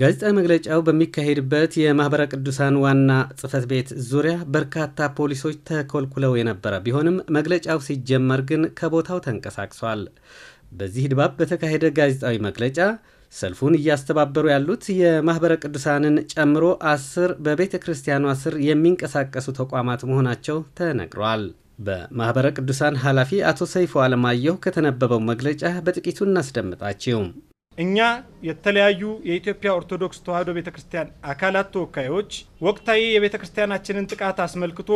ጋዜጣዊ መግለጫው በሚካሄድበት የማኅበረ ቅዱሳን ዋና ጽሕፈት ቤት ዙሪያ በርካታ ፖሊሶች ተኮልኩለው የነበረ ቢሆንም መግለጫው ሲጀመር ግን ከቦታው ተንቀሳቅሷል። በዚህ ድባብ በተካሄደ ጋዜጣዊ መግለጫ ሰልፉን እያስተባበሩ ያሉት የማኅበረ ቅዱሳንን ጨምሮ አስር በቤተ ክርስቲያኗ ስር የሚንቀሳቀሱ ተቋማት መሆናቸው ተነግሯል። በማኅበረ ቅዱሳን ኃላፊ አቶ ሰይፎ አለማየሁ ከተነበበው መግለጫ በጥቂቱ እናስደምጣችው። እኛ የተለያዩ የኢትዮጵያ ኦርቶዶክስ ተዋሕዶ ቤተ ክርስቲያን አካላት ተወካዮች ወቅታዊ የቤተ ክርስቲያናችንን ጥቃት አስመልክቶ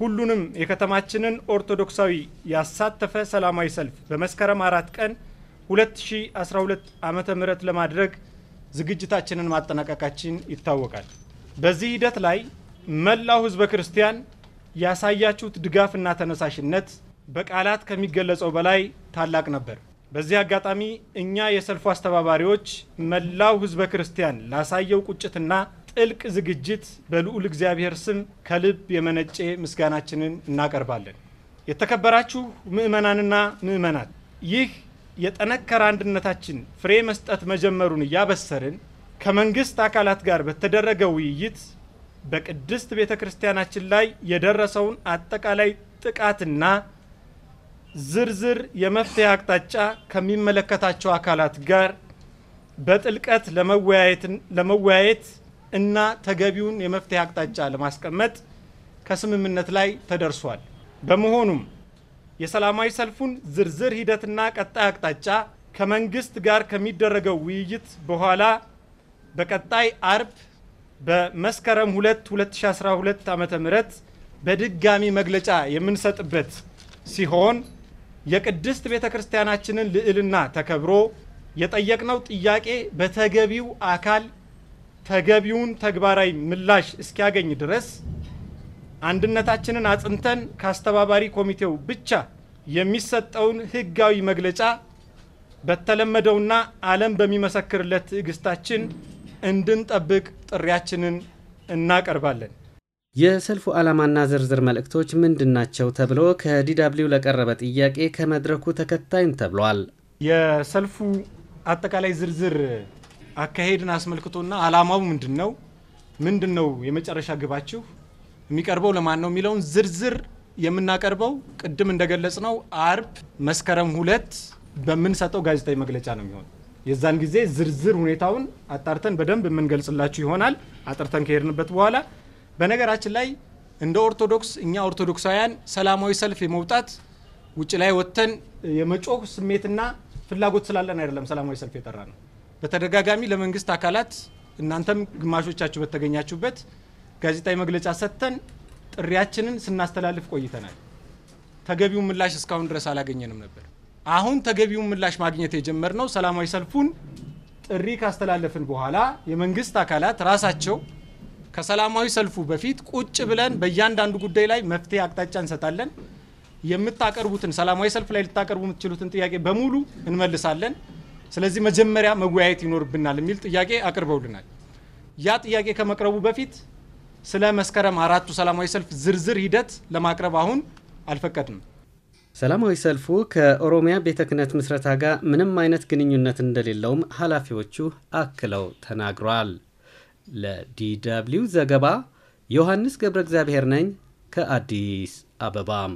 ሁሉንም የከተማችንን ኦርቶዶክሳዊ ያሳተፈ ሰላማዊ ሰልፍ በመስከረም አራት ቀን 2012 ዓመተ ምህረት ለማድረግ ዝግጅታችንን ማጠናቀቃችን ይታወቃል። በዚህ ሂደት ላይ መላው ህዝበ ክርስቲያን ያሳያችሁት ድጋፍና ተነሳሽነት በቃላት ከሚገለጸው በላይ ታላቅ ነበር። በዚህ አጋጣሚ እኛ የሰልፉ አስተባባሪዎች መላው ህዝበ ክርስቲያን ላሳየው ቁጭትና ጥልቅ ዝግጅት በልዑል እግዚአብሔር ስም ከልብ የመነጨ ምስጋናችንን እናቀርባለን። የተከበራችሁ ምዕመናንና ምእመናት፣ ይህ የጠነከረ አንድነታችን ፍሬ መስጠት መጀመሩን እያበሰርን ከመንግስት አካላት ጋር በተደረገ ውይይት በቅድስት ቤተ ክርስቲያናችን ላይ የደረሰውን አጠቃላይ ጥቃትና ዝርዝር የመፍትሄ አቅጣጫ ከሚመለከታቸው አካላት ጋር በጥልቀት ለመወያየት እና ተገቢውን የመፍትሄ አቅጣጫ ለማስቀመጥ ከስምምነት ላይ ተደርሷል። በመሆኑም የሰላማዊ ሰልፉን ዝርዝር ሂደትና ቀጣይ አቅጣጫ ከመንግስት ጋር ከሚደረገው ውይይት በኋላ በቀጣይ አርብ በመስከረም 2 2012 ዓ.ም በድጋሚ መግለጫ የምንሰጥበት ሲሆን የቅድስት ቤተ ክርስቲያናችንን ልዕልና ተከብሮ የጠየቅነው ጥያቄ በተገቢው አካል ተገቢውን ተግባራዊ ምላሽ እስኪያገኝ ድረስ አንድነታችንን አጽንተን ከአስተባባሪ ኮሚቴው ብቻ የሚሰጠውን ሕጋዊ መግለጫ በተለመደውና ዓለም በሚመሰክርለት ትዕግስታችን እንድንጠብቅ ጥሪያችንን እናቀርባለን። የሰልፉ ዓላማና ዝርዝር መልእክቶች ምንድናቸው? ተብሎ ከዲደብሊው ለቀረበ ጥያቄ ከመድረኩ ተከታይን ተብሏል። የሰልፉ አጠቃላይ ዝርዝር አካሄድን አስመልክቶና ዓላማው ምንድን ነው፣ ምንድን ነው የመጨረሻ ግባችሁ፣ የሚቀርበው ለማን ነው የሚለውን ዝርዝር የምናቀርበው ቅድም እንደገለጽ ነው አርብ መስከረም ሁለት በምንሰጠው ጋዜጣዊ መግለጫ ነው የሚሆን የዛን ጊዜ ዝርዝር ሁኔታውን አጣርተን በደንብ የምንገልጽላችሁ ይሆናል። አጥርተን ከሄድንበት በኋላ በነገራችን ላይ እንደ ኦርቶዶክስ እኛ ኦርቶዶክሳውያን ሰላማዊ ሰልፍ የመውጣት ውጭ ላይ ወጥተን የመጮህ ስሜትና ፍላጎት ስላለን አይደለም ሰላማዊ ሰልፍ የጠራ ነው። በተደጋጋሚ ለመንግስት አካላት እናንተም ግማሾቻችሁ በተገኛችሁበት ጋዜጣዊ መግለጫ ሰጥተን ጥሪያችንን ስናስተላልፍ ቆይተናል። ተገቢውን ምላሽ እስካሁን ድረስ አላገኘንም ነበር። አሁን ተገቢውን ምላሽ ማግኘት የጀመርነው ሰላማዊ ሰልፉን ጥሪ ካስተላለፍን በኋላ የመንግስት አካላት ራሳቸው ከሰላማዊ ሰልፉ በፊት ቁጭ ብለን በእያንዳንዱ ጉዳይ ላይ መፍትሄ አቅጣጫ እንሰጣለን። የምታቀርቡትን ሰላማዊ ሰልፍ ላይ ልታቀርቡ የምትችሉትን ጥያቄ በሙሉ እንመልሳለን። ስለዚህ መጀመሪያ መወያየት ይኖርብናል የሚል ጥያቄ አቅርበውልናል። ያ ጥያቄ ከመቅረቡ በፊት ስለ መስከረም አራቱ ሰላማዊ ሰልፍ ዝርዝር ሂደት ለማቅረብ አሁን አልፈቀድም። ሰላማዊ ሰልፉ ከኦሮሚያ ቤተ ክህነት ምስረታ ጋር ምንም አይነት ግንኙነት እንደሌለውም ኃላፊዎቹ አክለው ተናግሯል። ለዲደብሊው ዘገባ ዮሐንስ ገብረ እግዚአብሔር ነኝ ከአዲስ አበባም